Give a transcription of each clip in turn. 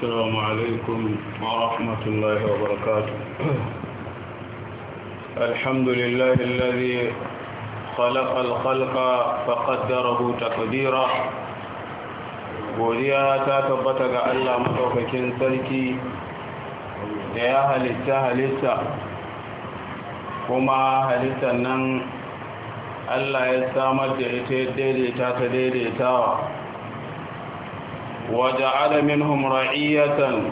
السلام عليكم ورحمة الله وبركاته الحمد لله kadira godiya ta tabbata ga Allah madaukakin sarki da ya halitta halitta kuma halittar nan Allah ya samar da ita daidaita ta daidaitawa وجعل منهم رعية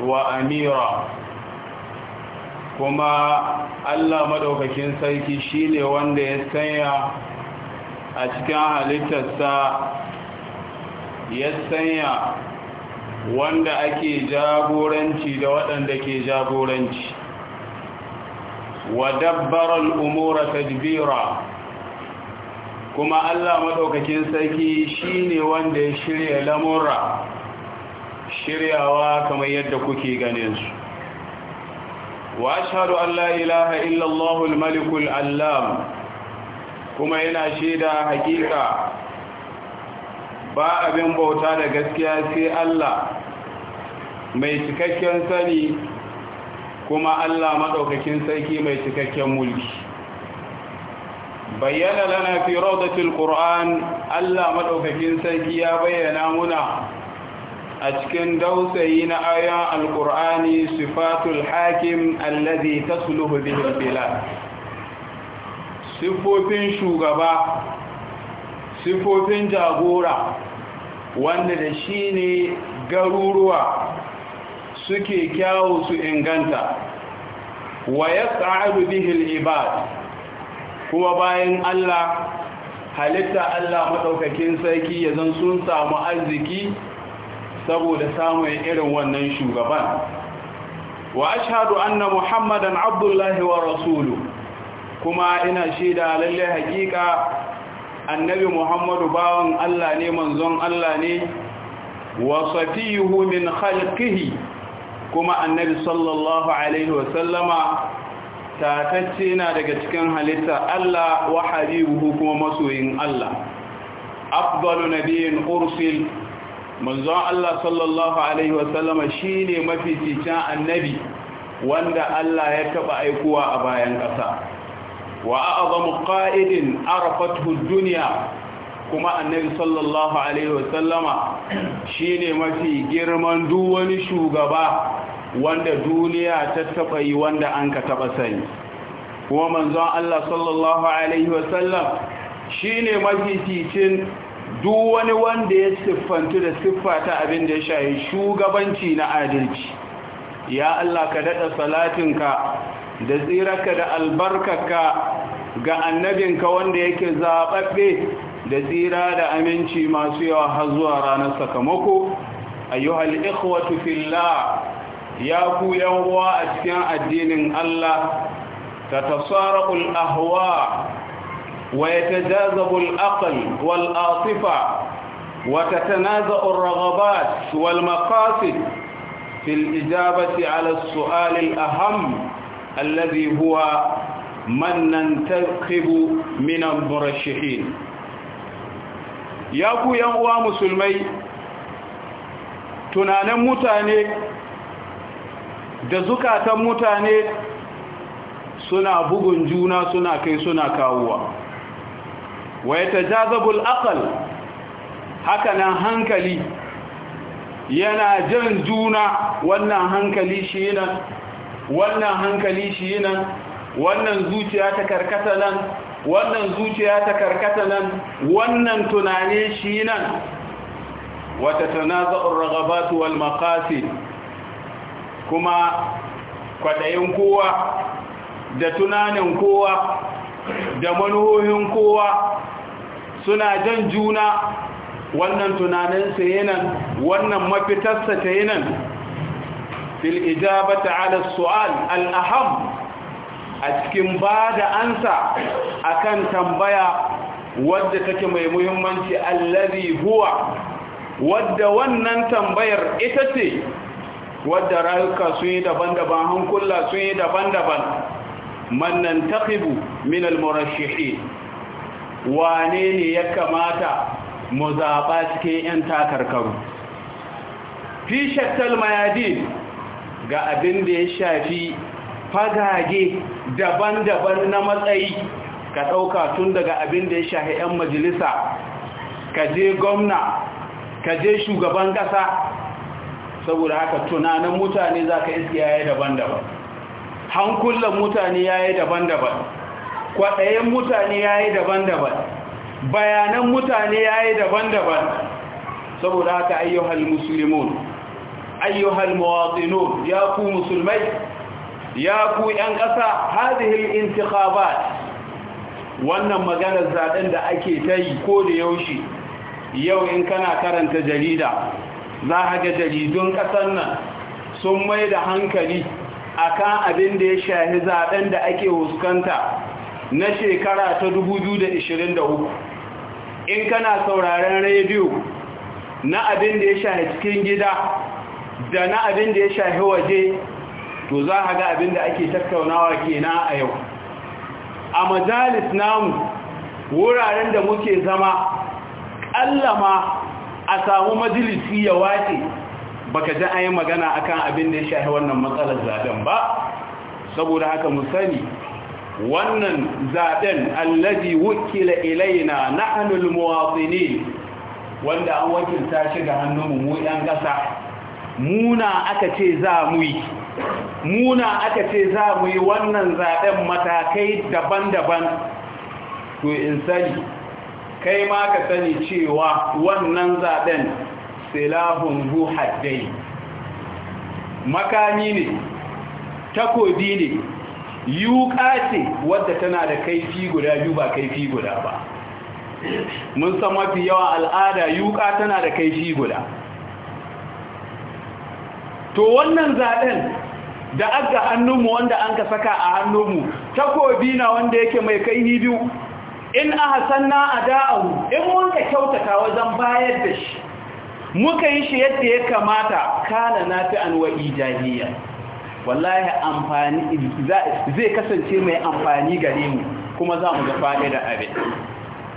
وأميرا كما ألا مدوككين سيكي شيني وانده يستيع أشكاها للتساء يستيع wanda ake jagoranci da waɗanda ke jagoranci wa dabbaral umura tadbira kuma Allah maɗaukakin sarki shine wanda ya shirya lamurra shiryawa kamar yadda kuke ganin su wa ashhadu Allah ilaha illa Allah malikul kuma yana shaida hakika ba abin bauta da gaskiya sai Allah mai cikakken sani kuma Allah maɗaukakin sarki mai cikakken mulki bayyana lana fi rawdatil qur'an Allah madaukakin sarki ya bayyana muna a cikin dausayi na ayan alqur'ani sifatul hakim allazi tasluhu bihi albilad sifofin shugaba sifofin jagora wanda da shi ne garuruwa suke kyawu su inganta wa ya tsa'adu bihil ibad kuma bayan Allah halitta Allah maɗaukakin sarki ya zan sun samu arziki saboda samun irin wannan shugaban wa ashhadu anna muhammadan abdullahi wa rasulu kuma ina shaida lalle hakika annabi muhammadu bawan Allah ne manzon Allah ne wa safiyuhu min khalqihi kuma annabi sallallahu alaihi wa sallama tatacce na daga cikin halitta Allah wa habibuhu kuma masoyin Allah afdalu nabiyyin ursil manzon Allah sallallahu alaihi wasallama shine mafificin annabi wanda Allah ya taba aikuwa a bayan ƙasa wa a'zamu qa'idin arafathu ad-dunya kuma annabi sallallahu alaihi wasallama shine mafi girman duk wani shugaba wanda duniya ta taba yi wanda an ka taba sani kuma manzon Allah sallallahu alaihi wasallam shine mafificin duk wani wanda ya siffanta da siffa ta abin da ya shahi shugabanci na adalci ya Allah ka daɗa salatinka da tsirarka da albarkarka ga annabinka wanda yake zababbe da tsira da aminci masu yawa har zuwa ranar sakamako ayyuhal ikhwatu fillah ya ku uwa a cikin addinin Allah ta tasara'ul ahwa wa ya ta jazabul aqal wal asifa wa ta tanaza'ul ragabat wal maqasid fil ijabati ala su'alil aham alladhi huwa man nantaqibu min al-murashihin ya ku yan uwa musulmai tunanin mutane da zukatan mutane suna bugun juna suna kai suna kawowa Wai ta tajazabul aqal hakanan hankali yana jan juna wannan hankali shi nan wannan hankali shi nan wannan zuciya ta karkata nan wannan zuciya ta karkata nan wannan tunane shi nan wata tana tanaza'ur ragabatu wal maqasid kuma kwaɗayin kowa da tunanin kowa da manuhohin kowa suna jan juna wannan tunaninsa yanan wannan mafitarsa ta yanan fil ijabata ala su'al alaham a cikin ba da ansa akan tambaya wadda take mai muhimmanci allazi huwa wadda wannan tambayar ita ce wadda rayuka sun yi daban-daban hankula sun yi daban-daban mannan taqibu min al-murashihin wane ne ya kamata mu zaɓa cikin 'yan takarkaru fi shattal mayadin ga abin da ya shafi fagage daban-daban na matsayi ka ɗauka tun daga abin da ya shafi 'yan majalisa ka je gwamna ka je shugaban ƙasa saboda haka tunanin mutane za ka iske yi daban-daban hankulan mutane ya yi daban-daban kwaɗayen mutane ya yi daban-daban bayanan mutane ya yi daban-daban saboda haka ayyuhal muslimun ayyuhal muwatinun ya ku musulmai ya ku 'yan ƙasa hadihil intikhabat wannan maganar zaɓen da ake ta yi ko da yaushe yau in kana karanta jarida za a ga jaridun ƙasar nan sun mai da hankali a kan abin da ya shahi zaɓen da ake huskanta na shekara ta 2023 in kana sauraren rediyo na abin da ya shahi cikin gida da na abin da ya shahi waje to za a ga abin da ake tattaunawa kenan a yau a majalis namu wuraren da muke zama ƙallama a samu majalisi ya wace baka ji an yi magana akan abin da ya shahi wannan matsalar zaben ba saboda haka mu sani wannan zaben allazi wukila ilaina nahnu almuwatinin wanda an wakilta shi ga hannunmu mu yan kasa muna aka ce za mu yi muna aka ce za mu yi wannan zaben matakai daban-daban to in sani kai ma ka sani cewa wannan zaben silahun buhaddai makami ne takobi ne yuka ce wadda tana da kaifi guda biyu ba kaifi guda ba mun san mafi yawa al'ada yuka tana da kaifi guda to wannan zaɓen da aga hannunmu wanda an ka saka a hannunmu takobi na wanda yake mai kaifi biyu in ahsanna mu in mun ka kyautata wajen bayar da shi muka yi shi yadda ya kamata kana an wa ijahiyya wallahi amfani zai kasance mai amfani gare mu kuma za mu ga fa'ida abin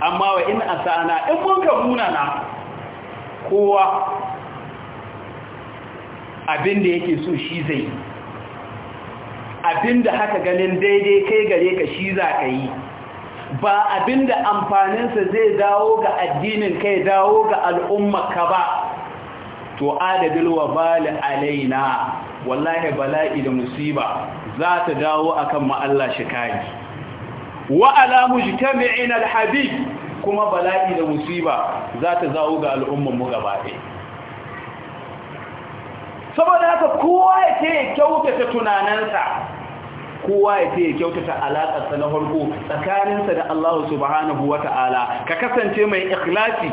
amma wa in asana in mun ka munana kowa abin da yake so shi zai abin da haka ganin daidai kai gare ka shi za ka yi ba abinda amfaninsa zai dawo ga addinin kai dawo ga ka ba to adabil wa bali alaina wallahi bala'i da musiba za ta dawo a kan Allah shi kai wa ala mujtami'ina alhabib kuma bala'i da musiba za ta dawo ga al'ummar mu gaba saboda haka kowa yake kyautata tunanansa kowa ya ce ya kyautata alaƙarsa na farko tsakaninsa da Allah subhanahu wa ka kasance mai ikhlasi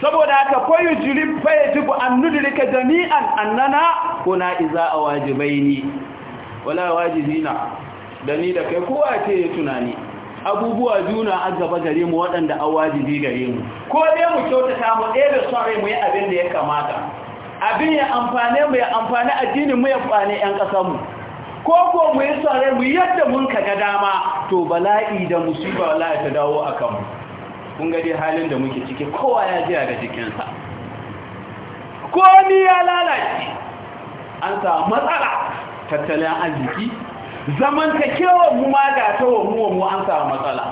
saboda haka koyi jirgin faye tuku an nudurika jami'an annana na iza a wajibai ni wala wajibina da ni da kai kowa ce ya tunani abubuwa juna an gaba gare mu waɗanda a wajibi gare mu ko dai mu kyautata mu ɗaya da son mu yi abin da ya kamata abin ya amfane mu ya amfane addinin mu ya amfane 'yan ƙasar mu ko ko mu yi tsare mu yadda mun kaga dama to bala'i da musiba wallahi ta dawo akan mu kun ga dai halin da muke ciki kowa ya jiya ga jikinsa ko ni ya lalace an samu matsala tattalin arziki zaman ta kewa mu ma ga ta wa mu mu an samu matsala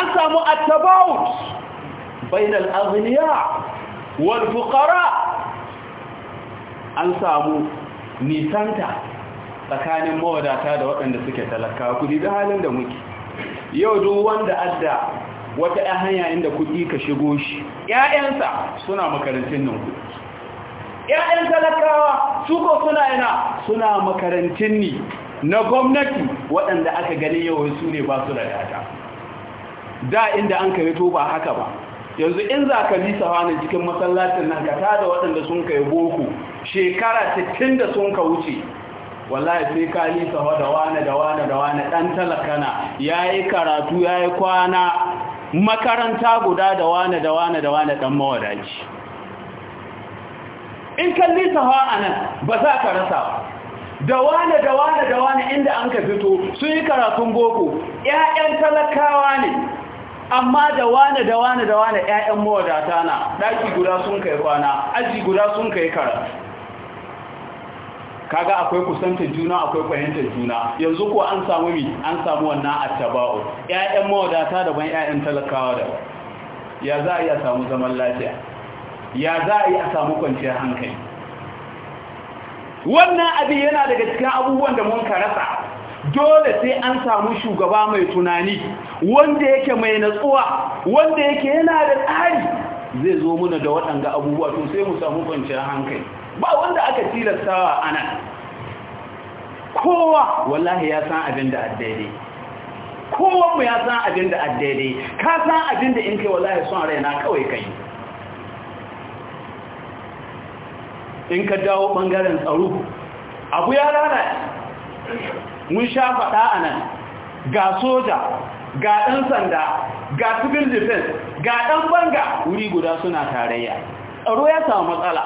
an samu at-tabawut bainal aghniya wal fuqara an samu nisanta tsakanin mawadata da waɗanda suke talaka kudi da halin da muke yau duk wanda adda wata ɗan hanya inda kudi ka shigo shi ‘ya'yansa suna makarantun nan kudi ‘ya'yan talakawa suko suna yana suna makarantin ni na gwamnati waɗanda aka gani yau su ne ba su da data da inda an karito ba haka ba yanzu in za ka bisa wani cikin masallacin nan ka tada waɗanda sun kai boko shekara 60 da sun ka wuce wallahi sai ka lisa da wane da wane da wane ɗan talakana ya yi karatu ya yi kwana makaranta guda da wane da wane da wane ɗan mawadaci in ka lisa a nan ba za ka rasa da wane da wane da wane inda an ka fito sun yi karatun boko 'ya'yan talakawa ne amma da wane da wane da wane ƴaƴan mawadata na ɗaki guda sun kai kwana aji guda sun kai kara kaga akwai kusantar juna akwai fahimtar juna yanzu ko an samu mi an samu wannan attaba'u ƴaƴan mawadata da ban ƴaƴan talakawa da ya za a a samu zaman lafiya ya za a a samu kwanciyar hankali wannan abin yana daga cikin abubuwan da mun ka rasa dole sai an samu shugaba mai tunani wanda yake mai natsuwa wanda yake yana da tsari zai zo muna da waɗanda abubuwa to sai mu samu kwanciyar hankali ba wanda aka tilastawa wa nan kowa wallahi ya san abin da addaidai kowanmu ya san abin da addaidai ka san abin da in kai wallahi son raina kawai kai in ka dawo ɓangaren tsaro abu ya lalata mun sha faɗa a nan ga soja ga ɗan sanda ga civil defense ga ɗan banga wuri guda suna tarayya tsaro ya samu matsala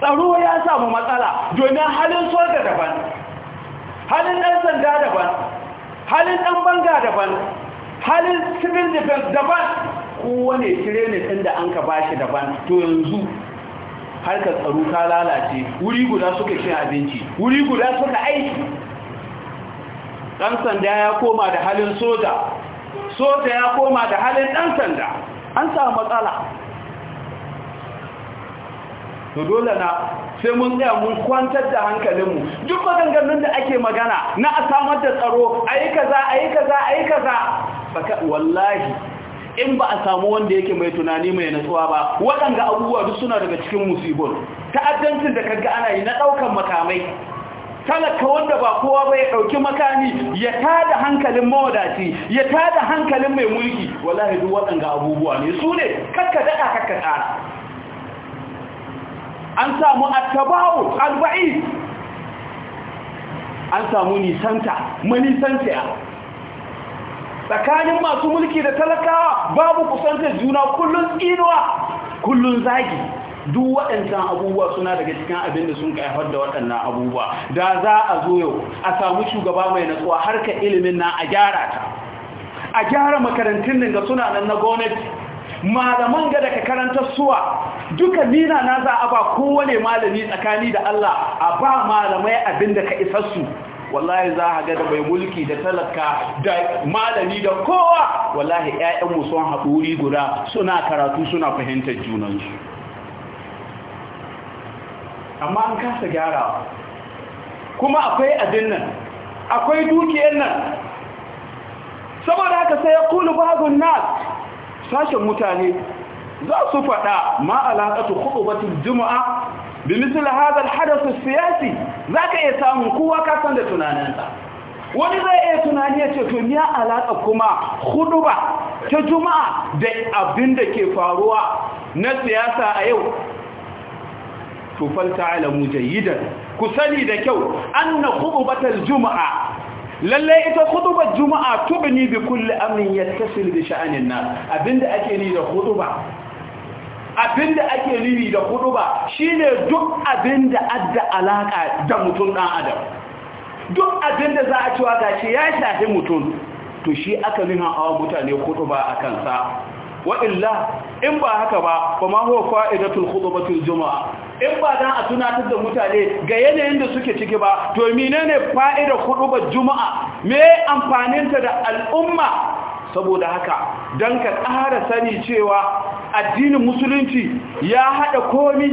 tsaro ya samu matsala domin halin soja daban halin ɗan sanda daban halin ɗan banga daban halin civil defense daban kowane ne ɗin da an ka shi daban to yanzu harkar tsaro ta lalace wuri guda suka cin abinci wuri guda suka aiki Dan sanda ya koma da halin soja soja ya koma da halin dan sanda an samu matsala to dole na sai mun tsaya mun kwantar da hankalinmu duk maganganun da ake magana na a samar da tsaro a yi kaza a yi kaza a yi kaza wallahi in ba a samu wanda yake mai tunani mai natsuwa ba waɗanda abubuwa duk suna daga cikin musibin ta'addancin da kaga ana yi na ɗaukan makamai talaka wanda ba kowa ba ya ɗauki makami ya tada hankalin mawadaci ya tada hankalin mai mulki wallahi duk waɗanda abubuwa ne su ne kakka daɗa kakka ƙara an samu attabawu alba'i an samu nisanta manisanciya tsakanin masu mulki da talakawa babu kusan kusantar juna kullum inuwa, kullum zagi duk waɗancan abubuwa suna daga cikin abin da sun haifar da waɗannan abubuwa da za a zo yau a samu shugaba mai natsuwa harka ilimin na a gyara ta a gyara makarantun nan suna nan na gwamnati malaman ga daga karantar suwa duka nina na za a ba kowane malami tsakani da Allah a ba malamai abin da ka su. wallahi za a ga da mai mulki da talaka da malami da kowa wallahi ƴaƴanmu sun haɗuri guda suna karatu suna fahimtar junansu amma an kasa gyarawa kuma akwai abin nan akwai dukiyar nan saboda haka sai ya kulu bagun nas sashen mutane za su faɗa ma alaƙatu batun juma'a bi misal hadha al siyasi zaka iya samu kowa ka san da tunaninsa wani zai iya tunani ya ce tuniya alaka kuma huduba ta juma'a da abin da ke faruwa na siyasa a yau to fal ta'lamu jayyidan ku sani da kyau anna hudubatal juma'a lallai ita huɗuba juma'a tubni bi kulli amrin yattasil bi sha'anin nas abinda ake ni da huɗuba. abinda ake nuni da huduba shine duk abinda adda alaka da mutum dan adam duk abinda za a cewa gashi ya shafi mutum to shi aka nuna awa mutane huduba ba a wa illa in ba haka ba kuma huwa fa'idatul khutbatul juma'a in ba dan a tunatar da mutane ga yanayin da suke ciki ba to menene fa'idar khutbar juma'a me amfaninta da al'umma saboda haka don ka ƙara sani cewa addinin musulunci ya haɗa komi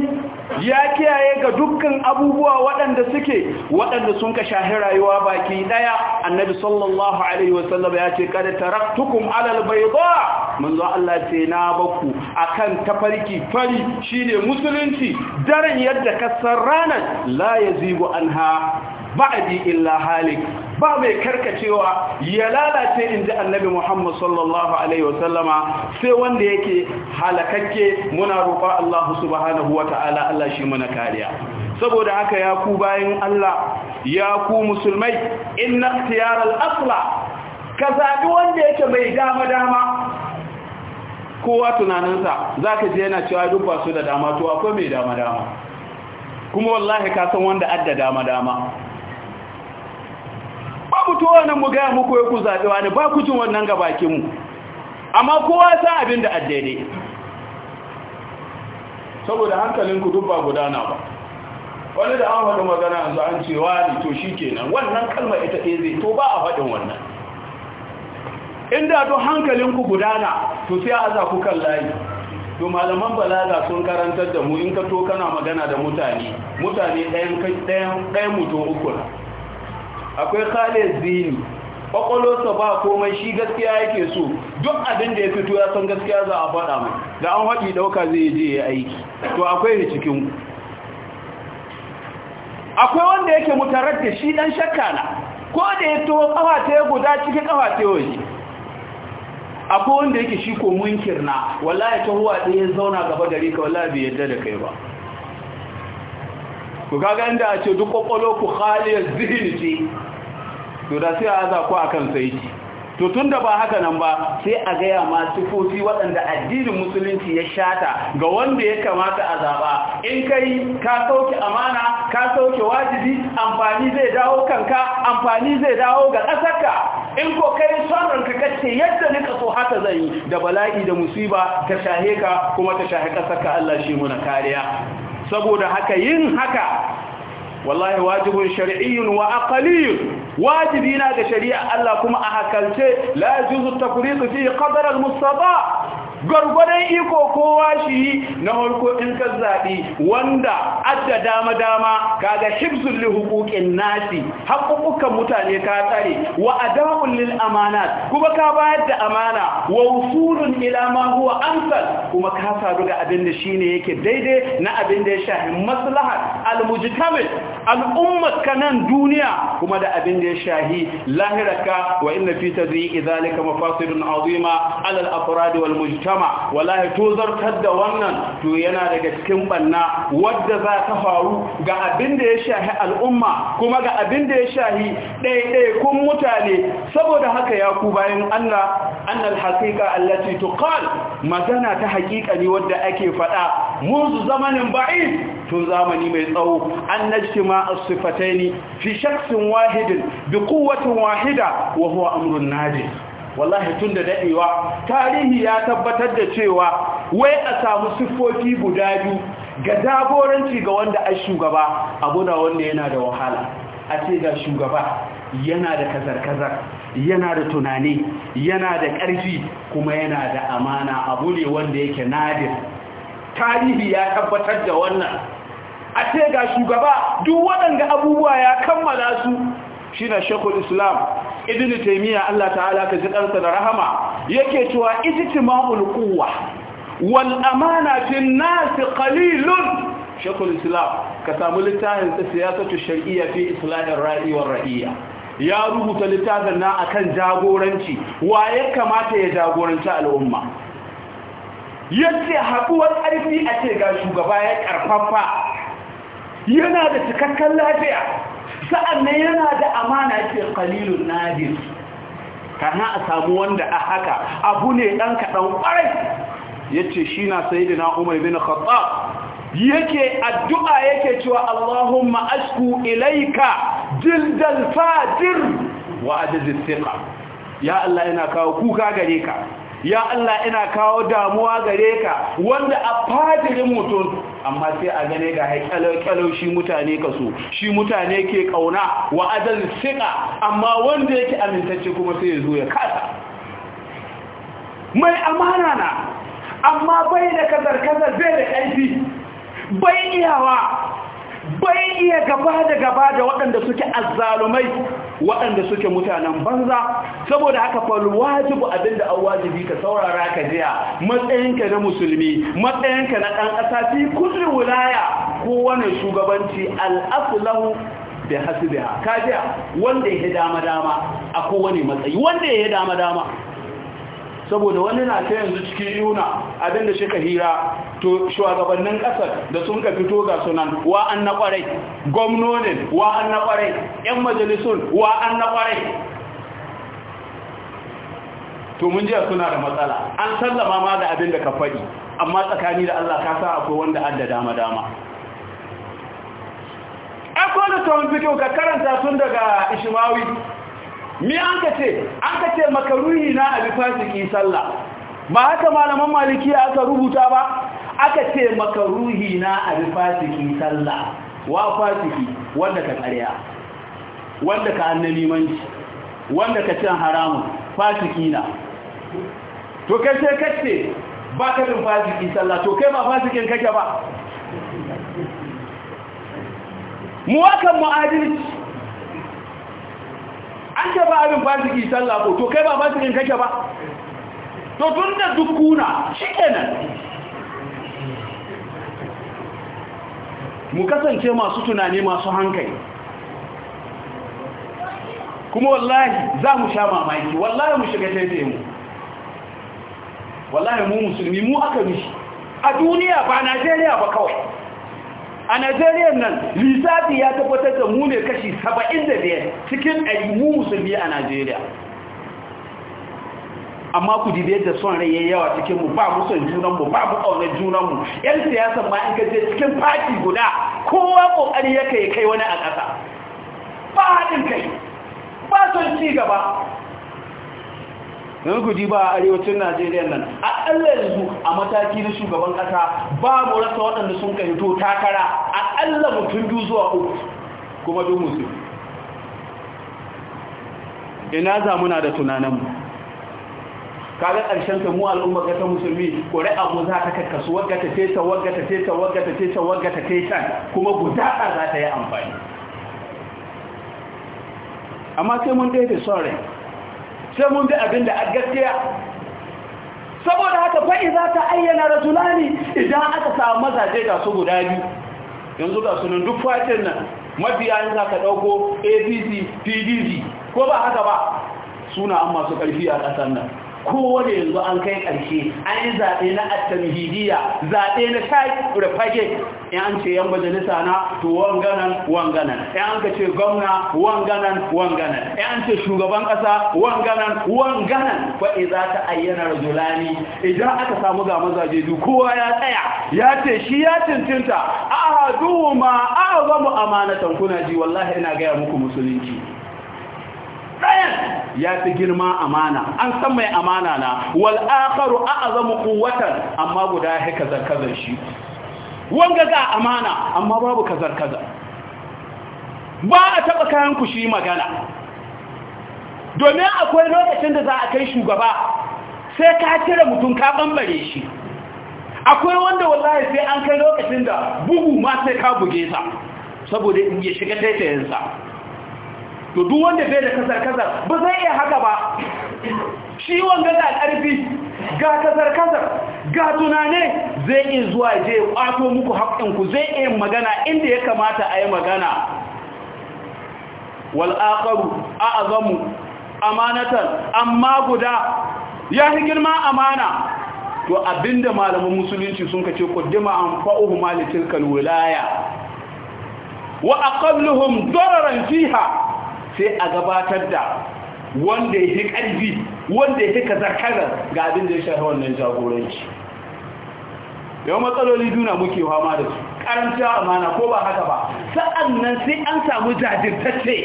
ya kiyaye ga dukkan abubuwa waɗanda suke waɗanda sun ka shahi rayuwa baki ɗaya annabi sallallahu alaihi wasallam ya ce kada raktukun alal bayda manzo Allah ce na baku akan tafarki fari shine musulunci daren yadda kasar ranar la yazigu anha ba'adi illa halik ba mai karkacewa ya lalace in ji annabi Muhammad sallallahu Alaihi sallama sai wanda yake halakakke muna roƙa Allah subhanahu wa ta'ala Allah shi muna kariya. Saboda haka ya ku bayan Allah ya ku musulmai in na tiyarar asla ka zaɓi wanda yake mai dama-dama kowa tunaninsa za ka je yana cewa duk ba su da dama to akwai mai dama-dama kuma wallahi ka san wanda adda dama-dama babu to nan mu gaya muku ya ku zaɓi wani ba ku jin wannan ga mu amma kowa san abin da addaidai saboda hankalinku duk ba gudana ba wani da an faɗin magana an zo an ce wani to shi wannan kalma ita ɗaya zai to ba a faɗin wannan inda duk ku gudana to sai a za ku kan layi to malaman balaga sun karantar da mu in ka to kana magana da mutane mutane ɗayan mutum uku na akwai khalid zini kwakwalwarsa ba komai shi gaskiya yake so duk abin da ya fito ya san gaskiya za a faɗa mai da an haɗi ɗauka zai je ya aiki to akwai ne cikin akwai wanda yake mutarar da shi ɗan shakka na ko da ya to ƙafa ta ya guda cikin ƙafa ta waje akwai wanda yake shi ko munkir na wallahi ta huwa ɗaya zauna gaba gari ka wallahi bai yarda da kai ba ku kaga inda a ce duk kwakwalo ku Khalid zini ce to da sai a aza ku akan saiti to tun da ba haka nan ba sai a gaya ma sifofi waɗanda addinin musulunci ya shata ga wanda ya kamata a zaɓa in kai ka sauke amana ka sauke wajibi amfani zai dawo kanka amfani zai dawo ga ƙasarka in ko kai son ranka kace yadda nika so haka zan yi da bala'i da musiba ta shahe ka kuma ta shahe ƙasarka Allah shi muna kariya saboda haka yin haka wallahi wajibun shar'iyyun wa aqliyyun wajibi na ga shari'a Allah kuma a hakalce la yajuzu tafriqu fi qadar al-mustata iko kowa shi na harko in ka zabi wanda adda dama-dama kaga hibzul li hukukin nasi haƙuƙukan mutane ka tsare wa adamun lil amanat kuma ka bayar da amana wa usulun ila ma huwa amsal kuma ka sadu ga abin da shine yake daidai na abin da ya shafi maslaha almujtamil al'umma ka nan duniya kuma da abin da ya shahi lahiraka wa inna fi tadriqi zalika mafasidun azima alal al wal mujtama wallahi to zartar da wannan to yana daga cikin banna wadda za ta faru ga abin da ya shahi al'umma kuma ga abin da ya shahi ɗaiɗai kun mutane saboda haka ya ku bayan Allah annal haqiqa allati tuqal magana ta haƙiƙa ne wadda ake faɗa munzu zamanin ba'id tun zamani mai tsawo an najtima ma sifataini fi shakhsin wahidin bi quwwatin wahida wa huwa amrun nadir wallahi tun da daɗewa. tarihi ya tabbatar da cewa wai a samu siffofi guda biyu ga jagoranci ga wanda a shugaba abu da wanda yana da wahala a ce ga shugaba yana da kazar-kazar yana da tunani yana da ƙarfi kuma yana da amana abu ne wanda yake nadir tarihi ya tabbatar da wannan a ce ga shugaba duk waɗanda abubuwa ya kammala su shi na shekul islam idini taimiyya Allah ta'ala ka ji da rahama yake cewa ijtima'ul quwwa wal amana fin nasi qalilun shekul islam ka samu littafin ta siyasatu shar'iyya fi islahir ra'i ya rubuta littafin na akan jagoranci wa ya kamata ya jagoranci al'umma yace haƙuwar ƙarfi a ce ga shugaba ya ƙarfafa yana da cikakken lafiya sa'annan yana da amana ce qalilun nadir kana a samu wanda a haka abu ne dan ƙwarai. Ya yace shi na da Umar bin Khattab yake addu'a yake cewa Allahumma asku ilaika jildal fadir wa ajiz ya Allah yana kawo kuka gare ka ya Allah ina kawo damuwa gare ka wanda a fadirin mutum amma sai a gane ga haikalau shi mutane ka so shi mutane ke kauna wa adal amma wanda yake amintacce kuma sai ya zo ya kasa mai amana na amma bai da kazar-kazar zai da ƙarfi bai iyawa bai iya gaba da gaba da waɗanda suke azzalumai waɗanda suke mutanen banza saboda haka wajibu abinda an wajibi ka saurara ka jiya matsayinka na musulmi matsayinka na ɗan ƙasa fi kudin wilaya ko wani shugabanci al'afulahu da hasibiha ka jiya wanda ya dama dama a kowane matsayi wanda ya dama dama saboda wani na ta yanzu cikin yuna abin da shika hira to shugabannin kasar da sun ka fito ga sunan wa an na kwarai gwamnonin wa an na kwarai yan majalisun wa an na kwarai to mun jiya suna da matsala an sallama ma da abin da ka faɗi amma tsakani da Allah ka sa akwai wanda an da dama dama akwai da tawon fito ka karanta sun daga ishimawi mi an ka ce an ka ce makaruhi na abi fasiki sallah ba haka malaman ya aka rubuta ba aka ce makaruhi na abi fasiki sallah wa fasiki wanda ka karya, wanda ka annabi manci wanda ka cin haramun fasiki na to kai sai kace ba ka bin fasiki sallah to kai ba fasikin kake ba mu akan mu'adilci an ce ba abin fasiki sallah ko to kai ba fasikin kake ba to tun da duk kuna shikenan mu kasance masu tunani masu hankali kuma wallahi za mu sha mamaki wallahi mu shiga daidai mu wallahi mu musulmi mu aka mishi a duniya ba najeriya ba kawai a Najeriya nan lissafi ya tabbatar da mu ne kashi 75 cikin ɗari mu musulmi a Najeriya amma ku dibe da son rai yawa cikin mu ba mu son junan mu ba mu kauna junan mu yan siyasa ma in ka je cikin party guda kowa kokari yake kai wani a ƙasa ba haɗin kai ba son ci gaba yanzu ku ba a arewacin najeriya nan a ƙalla yanzu a mataki na shugaban ƙasa ba mu rasa waɗanda sun kai to takara ƙalla mutum biyu zuwa uku kuma duk musu ina za muna da tunaninmu kaga ƙarshen ta mu al'umma ga ta musulmi kore abu za ta kakkasu wadda ta teta wadda ta teta wadda ta teta wadda ta teta kuma gudaɗa za ta yi amfani amma sai mun ɗaya da son sai mun bi abin da a gaskiya saboda haka fa'i za ta ayyana rasulani idan aka samu mazaje da su guda biyu yanzu ga sunan duk fatin nan mabiya za ka ɗauko abc pdc ko ba haka ba suna an masu ƙarfi a ƙasar nan kowane yanzu an kai ƙarshe an yi zaɓe na attamhidiyya zaɓe na type rufage yan ce yan majalisa na to wanganan wanganan yan ka ce gwamna wanganan wanganan yan ce shugaban ƙasa wanganan wanganan fa'i za ta ayyana rajulani idan aka samu ga mazaje biyu kowa ya tsaya ya ce shi ya cancanta ahaduhuma a'zamu amanatan kuna ji wallahi ina gaya muku musulunci ɗayan ya fi girma amana an san mai amana na wal a a'zamu kuwatan amma guda ya kazar kazar shi wanga ga amana amma babu kazar kazar ba a taba kayan ku shi magana domin akwai lokacin da za a kai shugaba sai ka cire mutum ka bambare shi akwai wanda wallahi sai an kai lokacin da bugu ma sai ka buge sa saboda in ya shiga taitayensa to duk wanda zai da kasar kasar ba zai iya haka ba shi wanda ga karfi ga kasar kasar ga tunane zai iya zuwa je ƙwato kwato muku haƙƙinku zai iya magana inda ya kamata a yi magana wal'akaru a azamu amanatar amma guda ya fi girma amana to abinda malaman musulunci sun kace qaddama an fa'uhu malitil kalwilaya wa aqalluhum dararan fiha sai a gabatar da wanda ya fi ƙarfi wanda ya fi kazarkazar ga abin da ya shafi wannan jagoranci yau matsaloli duna muke hama da su ƙaranci amana ko ba haka ba sa'an nan sai an samu jajirtacce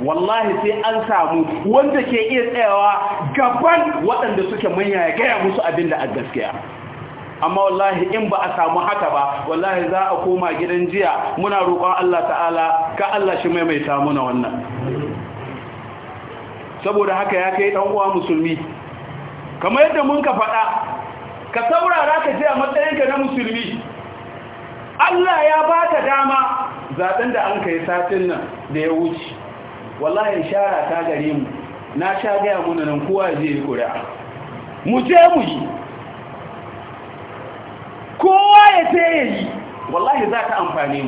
wallahi sai an samu wanda ke iya tsayawa gaban waɗanda suke manya ya gaya musu abin da a gaskiya amma wallahi in ba a samu haka ba wallahi za a koma gidan jiya muna roƙon Allah ta'ala ka Allah shi maimaita muna wannan saboda haka ya kai ɗan uwa musulmi kamar yadda mun ka faɗa ka saurara ka je a matsayinka na musulmi Allah ya ba baka dama zaɓen da an kai satin nan da ya wuce wallahi shara ta gare mu na sha gaya muna nan kowa zai yi ƙuri'a mu je mu yi ya ce ya yi wallahi za ta amfani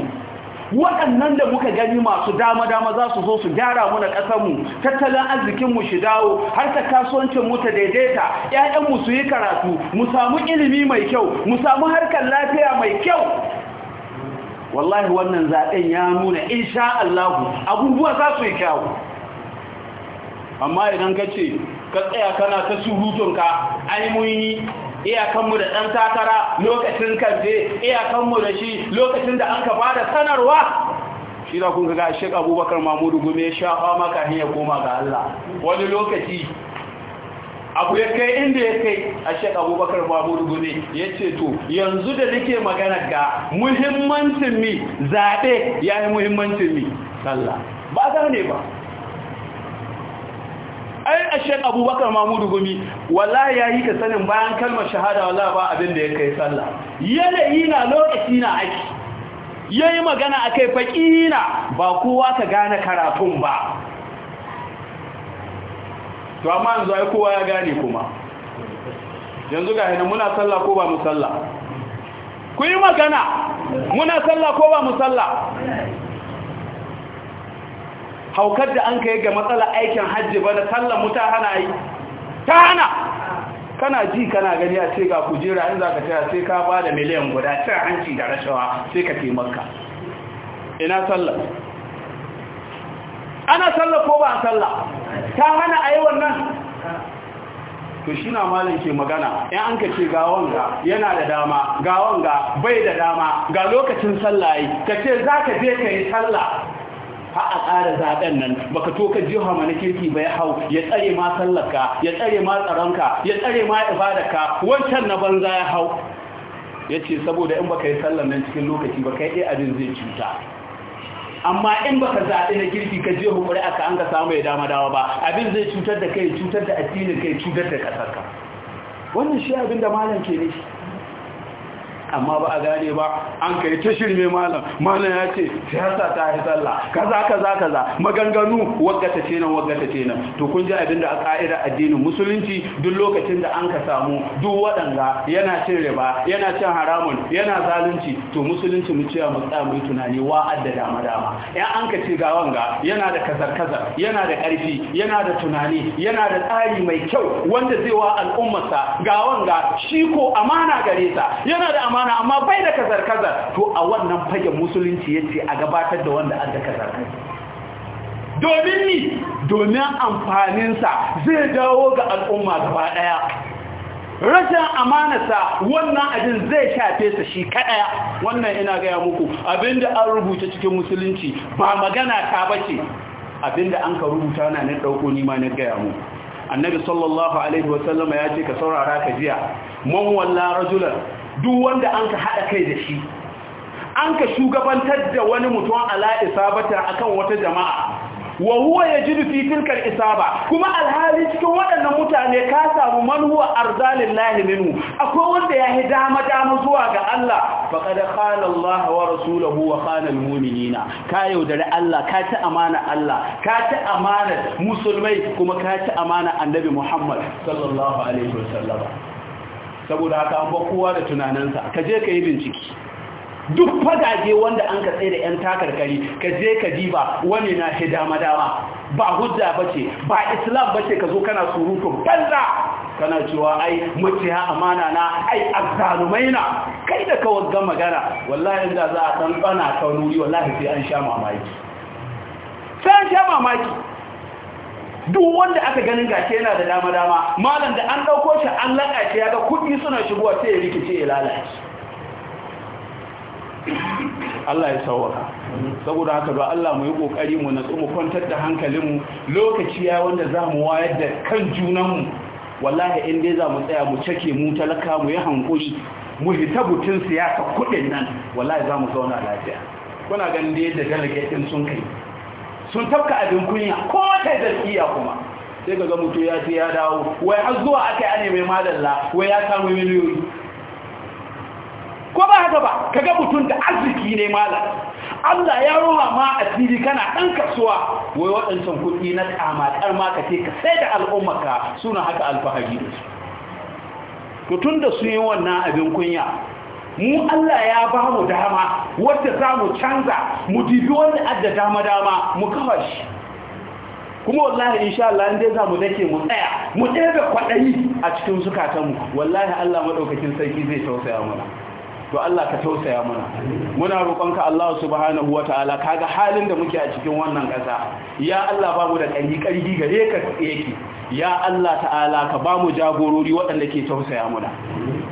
mu waɗannan da muka gani masu dama-dama za su zo su gyara mu na ƙasarmu tattalin arzikinmu shi dawo harkar kasuwancin mu ta daidaita 'ya'yanmu su yi karatu mu samu ilimi mai kyau mu samu harkar lafiya mai kyau wallahi wannan zaɓen ya nuna insha Allah abubuwa za su yi kyau amma idan ka ce ka tsaya kana ta surutunka ai mun iyakanmu da ɗan takara lokacin kanje iyakanmu da shi lokacin da an ka ba da sanarwa shi na kun ga shek abubakar mamudu gume shafa maka hanya koma ga Allah wani lokaci abu ya kai inda ya kai a shek abubakar mamudu gume ya ce to yanzu da nake magana ga muhimmancin mi zaɓe ya yi muhimmancin mi sallah ba ne ba a shek abubakar mamudu gumi wala ya yi ka sanin bayan kalmar shahada wala ba abin da ya kai sallah yanayi na lokaci na aiki ya yi magana a kai faƙi na ba kowa ka gane karafin ba to amma yanzu ai kowa ya gane kuma yanzu ga hinan muna sallah ko ba mu sallah ku yi magana muna sallah ko ba mu sallah haukar da an yi ga matsala aikin hajji ba da sallar muta hana yi ta hana kana ji kana gani a ce ga kujera in za ka taya sai ka ba da miliyan guda cin hanci da rashawa sai ka taimaka ina sallar ana sallar ko ba a sallar ta hana a yi wannan to shi na malin ke magana yan an ka ce ga wanga yana da dama ga wanga bai da dama ga lokacin sallah yi ka ce za ka je ka yi sallah fa a ƙara zaɓen nan baka to ka jiha mana kirki ba ya hau ya tsare ma sallarka ya tsare ma tsaronka ya tsare ma ibadarka wancan na banza ya hau ya ce saboda in baka yi sallar nan cikin lokaci baka yi abin zai cuta amma in baka zaɓi na kirki ka je hukuri aka an ka samu ya dama dawa ba abin zai cutar da kai cutar da addinin kai cutar da ƙasarka wannan shi abin da malam ke ne amma ba a gane ba an kai ta shirme malam malam ya ce siyasa ta yi sallah kaza kaza kaza maganganu waggata ce nan waggata ce nan to kun ji abin da a ka'ida addinin musulunci duk lokacin da an ka samu duk waɗanda yana cin riba yana cin haramun yana zalunci to musulunci mu ce mu tsaya mu tunani wa adda dama dama yan an ka ce ga wanga yana da kazar kazar yana da ƙarfi yana da tunani yana da tsari mai kyau wanda zai wa al'ummarsa ga wanga shi ko amana gare sa yana da amana amana amma bai da kazar kazar to a wannan fage musulunci ya ce a gabatar da wanda an da kazar domin ni domin amfaninsa zai dawo ga al'umma gaba daya rashin amanarsa wannan abin zai shafe sa shi kadaya wannan ina gaya muku abinda an rubuta cikin musulunci ba magana ta bace abinda an ka rubuta na nan dauko ni ma na gaya mu. annabi sallallahu alaihi wasallam ya ce ka saurara ka jiya man walla rajulan duk wanda an ka haɗa kai da shi an ka shugabantar da wani mutum ala isabata akan wata jama'a wa huwa ji dufi filkar isaba kuma alhali cikin waɗannan mutane ka samu man huwa arzalillahi akwai wanda ya yi dama dama zuwa ga Allah faqad qala Allah wa rasuluhu wa qala muminina ka yaudari Allah ka ci amana Allah ka ci amana musulmai kuma ka ci amana annabi Muhammad sallallahu alaihi wasallam saboda haka an ba kowa da tunaninsa ka je ka yi binciki duk fadaje wanda an ka tsaye da 'yan takarkari ka je ka diba wani na shi dama-dama ba hujja ba ce ba islam ba ce ka zo kana surutu, banza kana cewa ai mace ha amana na ai azzalumai na kai da kawar ga magana wallahi inda za a ɗanɗana kaunuri wallahi sai an sha mamaki sai an sha mamaki duk wanda aka ganin gashi yana da dama dama malam da an dauko shi an laka shi yaga kudi suna shigowa sai ya rikice ya lalace Allah ya sauwaka saboda haka ba Allah mu yi kokari mu natsu mu kwantar da hankalin mu lokaci ya wanda za mu wayar da kan junan mu. wallahi in dai za mu tsaya mu cake mu talaka mu yi hankuri mu hita butun siyasa kudin nan wallahi za mu zauna lafiya kuna ganin da yadda delegatin sun kai sun tafka abin kunya ko za ka yi zarkiya kuma sai ka ga mutu ya ce ya dawo wai har zuwa aka yi ane mai madalla wai ya samu miliyoyi ko ba haka ba ka ga mutum da arziki ne malam Allah ya ruwa ma asiri kana ɗan kasuwa wai waɗancan kuɗi na ƙamatar ma ka ce ka sai da al'ummaka suna haka alfahari da su da su yi wannan abin kunya mu Allah ya ba mu dama wadda za mu canza mu dibi wanda adda dama-dama mu shi. kuma wallahi insha Allah in dai zamu dake mu tsaya mu dabe kwaɗayi a cikin mu. wallahi Allah maɗaukakin sarki zai tausaya mana to Allah ka tausaya mana muna roƙonka Allah subhanahu wataala kaga halin da muke a cikin wannan ƙasa ya Allah ba mu da ƙarfi ƙarfi gare ka yake ya Allah ta'ala ka ba mu jagorori waɗanda ke tausaya mana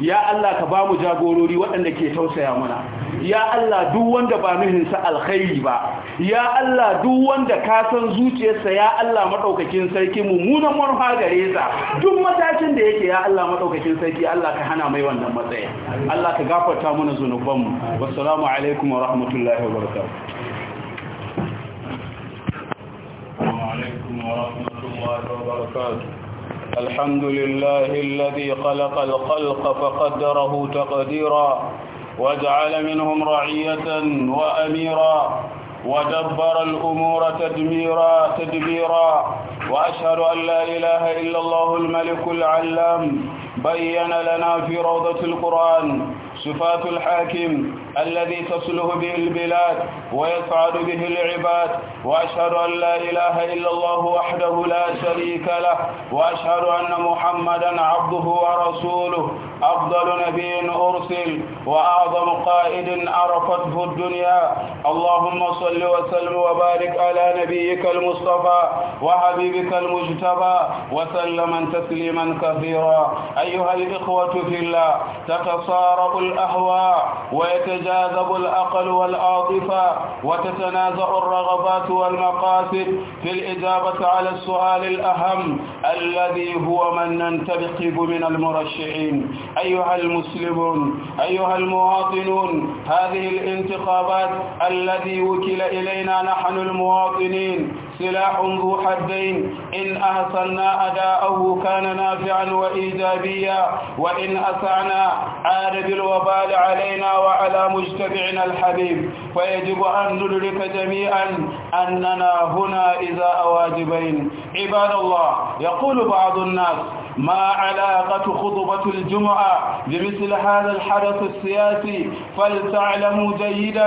ya Allah ka ba mu jagorori waɗanda ke tausaya mana ya Allah duk wanda ba nuhinsa alkhairi ba ya Allah duk wanda ka san zuciyarsa ya Allah madaukakin sarki mummunan marfa gare sa duk matakin da yake ya Allah madaukakin sarki Allah ka hana mai wannan matsayi Allah ka gafarta mana zunubanmu wassalamu alaikum wa rahmatullahi wa barakatuh عليكم ورحمة الله وبركاته الحمد لله الذي خلق الخلق فقدره تقديرا وجعل منهم رعية وأميرا ودبر الأمور تدميرا تدبيرا وأشهد أن لا إله إلا الله الملك العلام بين لنا في روضة القرآن صفات الحاكم الذي تصله به البلاد ويسعد به العباد وأشهد أن لا إله إلا الله وحده لا شريك له وأشهد أن محمدا عبده ورسوله أفضل نبي أرسل وأعظم قائد عرفته الدنيا اللهم صل وسلم وبارك على نبيك المصطفى وحبيبك المجتبى وسلم تسليما كثيرا أيها الإخوة في الله تتصارع الأهواء ويتجلى تتجاذب العقل والعاطفة وتتنازع الرغبات والمقاصد في الإجابة على السؤال الأهم الذي هو من ننتقب من المرشحين أيها المسلمون أيها المواطنون هذه الانتخابات التي وكل إلينا نحن المواطنين سلاح ذو حدين إن أحسنا أداءه كان نافعا وإيجابيا وإن أسعنا عاد بالوبال علينا وعلى مجتمعنا الحبيب فيجب أن ندرك جميعا أننا هنا إذا أواجبين عباد الله يقول بعض الناس ما علاقة خطبة الجمعة بمثل هذا الحدث السياسي فلتعلموا جيدا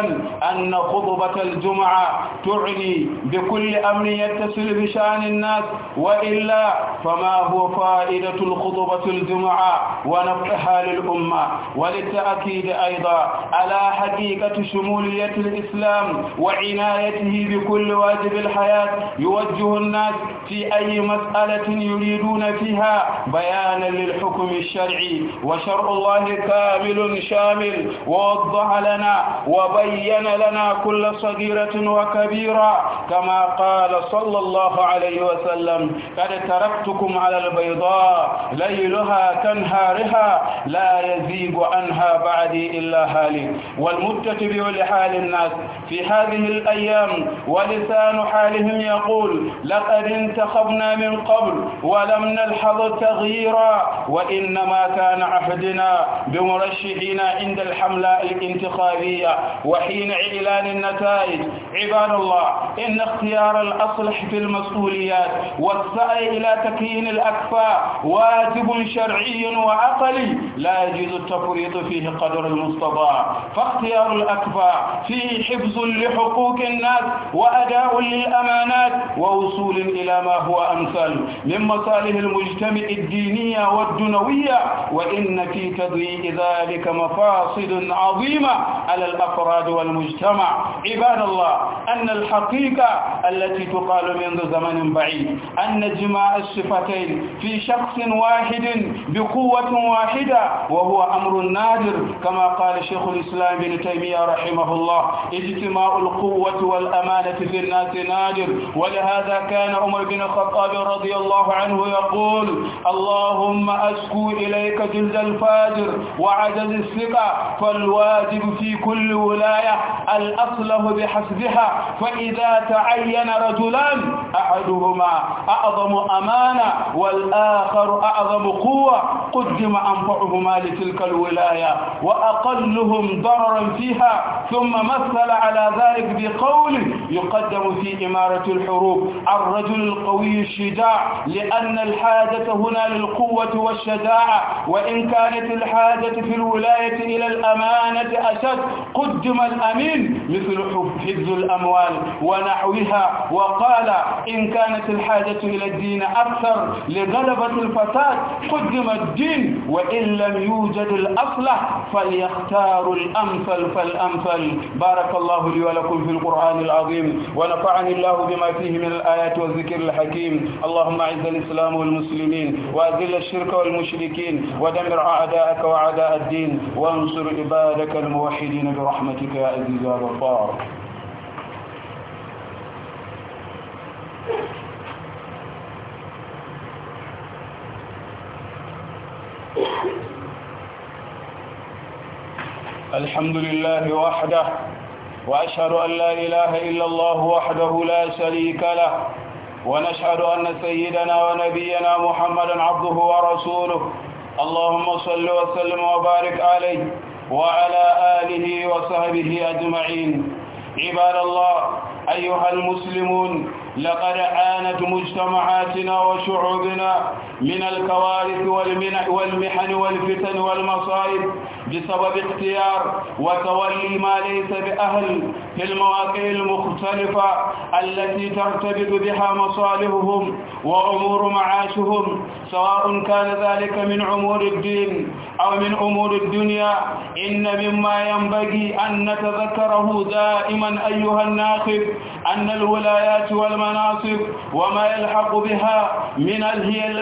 أن خطبة الجمعة تعني بكل أمر يتصل بشأن الناس وإلا فما هو فائدة الخطبة الجمعة ونفعها للأمة وللتأكيد أيضا على حقيقة شمولية الإسلام وعنايته بكل واجب الحياة يوجه الناس في أي مسألة يريدون فيها بيانا للحكم الشرعي وشرع الله كامل شامل ووضح لنا وبين لنا كل صغيرة وكبيرة كما قال صلى الله عليه وسلم قد تركتكم على البيضاء ليلها كنهارها لا يزيغ عنها بعدي إلا هالي والمتتبع لحال الناس في هذه الأيام ولسان حالهم يقول لقد انتخبنا من قبل ولم نلحظ تغييرا وإنما كان عهدنا بمرشحين عند الحملة الانتخابية وحين إعلان النتائج عباد الله إن اختيار الأصلح في المسؤوليات والسعي إلى تكيين الأكفاء واجب شرعي وعقلي لا يجوز التفريط فيه قدر المستطاع فاختيار الأكفاء فيه حفظ لحقوق الناس وأداء للأمانات ووصول إلى ما هو أمثل من مصالح المجتمع الدينية والدنوية وإن في تضييع ذلك مفاصل عظيمة على الأفراد والمجتمع عباد الله أن الحقيقة التي تقال منذ زمن بعيد أن جماع الصفتين في شخص واحد بقوة واحدة وهو أمر نادر كما قال شيخ الإسلام بن تيمية رحمه الله اجتماع القوة والأمانة في الناس نادر ولهذا كان عمر بن الخطاب رضي الله عنه يقول اللهم أسكو إليك جلد الفاجر وعدد الثقة فالواجب في كل ولاية الأصله بحسبها فإذا تعين رجلان أحدهما أعظم أمانة والآخر أعظم قوة قدم أنفعهما لتلك الولاية وأقلهم ضررا فيها ثم مثل على ذلك بقوله يقدم في إمارة الحروب الرجل القوي الشجاع لأن الحاجة هنا للقوة والشجاعة وإن كانت الحاجة في الولاية إلى الأمانة أشد قدم الأمين مثل حفظ الأموال ونحوها وقال إن كانت الحاجة إلى الدين أكثر لغلبة الفساد قدم الدين وإن لم يوجد الأصلح فليختاروا الأمثل فالأمثل بارك الله لي ولكم في القرآن العظيم ونفعني الله بما فيه من الآيات والذكر الحكيم اللهم أعز الإسلام والمسلمين وأذل الشرك والمشركين ودمر أعداءك وأعداء الدين وانصر عبادك الموحدين برحمتك يا عزيز يا غفار الحمد لله وحده وأشهد أن لا إله إلا الله وحده لا شريك له ونشهد أن سيدنا ونبينا محمدا عبده ورسوله اللهم صل وسلم وبارك عليه وعلى آله وصحبه أجمعين عباد الله أيها المسلمون لقد عانت مجتمعاتنا وشعوبنا من الكوارث والمحن والفتن والمصائب بسبب اختيار وتولي ما ليس بأهل في المواقع المختلفة التي ترتبط بها مصالحهم وأمور معاشهم سواء كان ذلك من أمور الدين أو من أمور الدنيا إن مما ينبغي أن نتذكره دائما أيها الناخب أن الولايات والمناصب وما يلحق بها من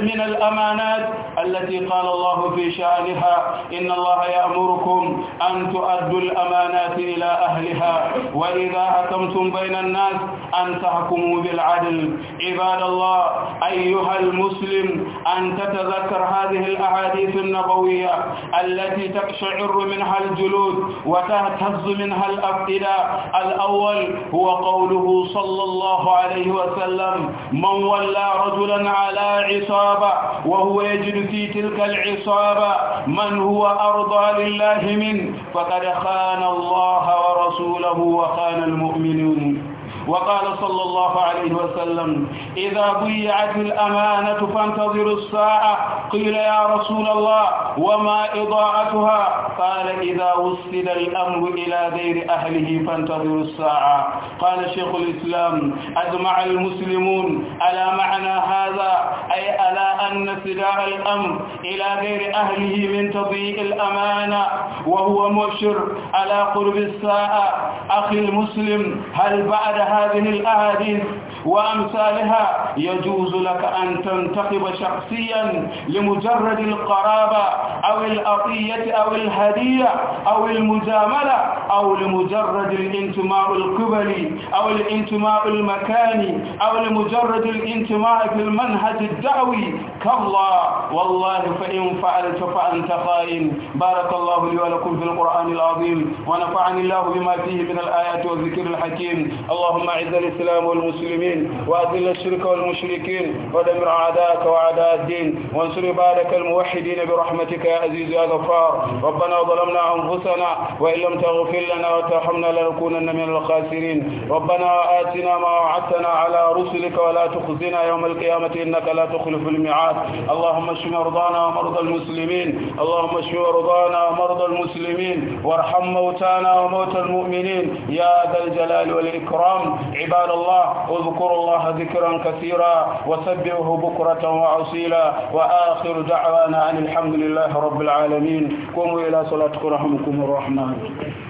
من الأمانات التي قال الله في شأنها إن الله يأمركم أن تؤدوا الأمانات إلى أهلها وإذا حكمتم بين الناس أن تحكموا بالعدل عباد الله أيها المسلم أن تتذكر هذه الأحاديث النبوية التي تقشعر منها الجلود وتهتز منها الأفئدة الأول هو قوله صلى الله عليه وسلم من ولى رجلا على عصابة وهو يجد في تلك العصابة من هو أرضى لله منه فقد خان الله ورسوله وخان المؤمنين وقال صلى الله عليه وسلم إذا ضيعت الأمانة فانتظروا الساعة قيل يا رسول الله وما إضاعتها قال إذا وصل الأمر إلى غير أهله فانتظروا الساعة قال شيخ الإسلام أجمع المسلمون على معنى هذا أي على أن سداء الأمر إلى غير أهله من تضيء الأمانة وهو مؤشر على قرب الساعة أخي المسلم هل بعدها هذه الأحاديث وأمثالها يجوز لك أن تنتخب شخصيا لمجرد القرابة أو الأطية أو الهدية أو المجاملة أو لمجرد الانتماء القبلي أو الانتماء المكاني أو لمجرد الانتماء في المنهج الدعوي كالله والله فإن فعلت فأنت خائن بارك الله لي ولكم في القرآن العظيم ونفعني الله بما فيه من الآيات والذكر الحكيم اللهم اللهم اعز الاسلام والمسلمين واذل الشرك والمشركين ودمر اعداءك واعداء الدين وانصر عبادك الموحدين برحمتك يا عزيز يا غفار ربنا ظلمنا انفسنا وان لم تغفر لنا وترحمنا لنكونن من الخاسرين ربنا اتنا ما وعدتنا على رسلك ولا تخزنا يوم القيامه انك لا تخلف الميعاد اللهم اشف مرضانا ومرضى المسلمين اللهم اشف مرضانا ومرضى المسلمين وارحم موتانا وموتى المؤمنين يا ذا الجلال والاكرام عباد الله اذكروا الله ذكرا كثيرا وسبحوه بكرة وأصيلا وآخر دعوانا أن الحمد لله رب العالمين قوموا إلى صلاتكم رحمكم الرحمن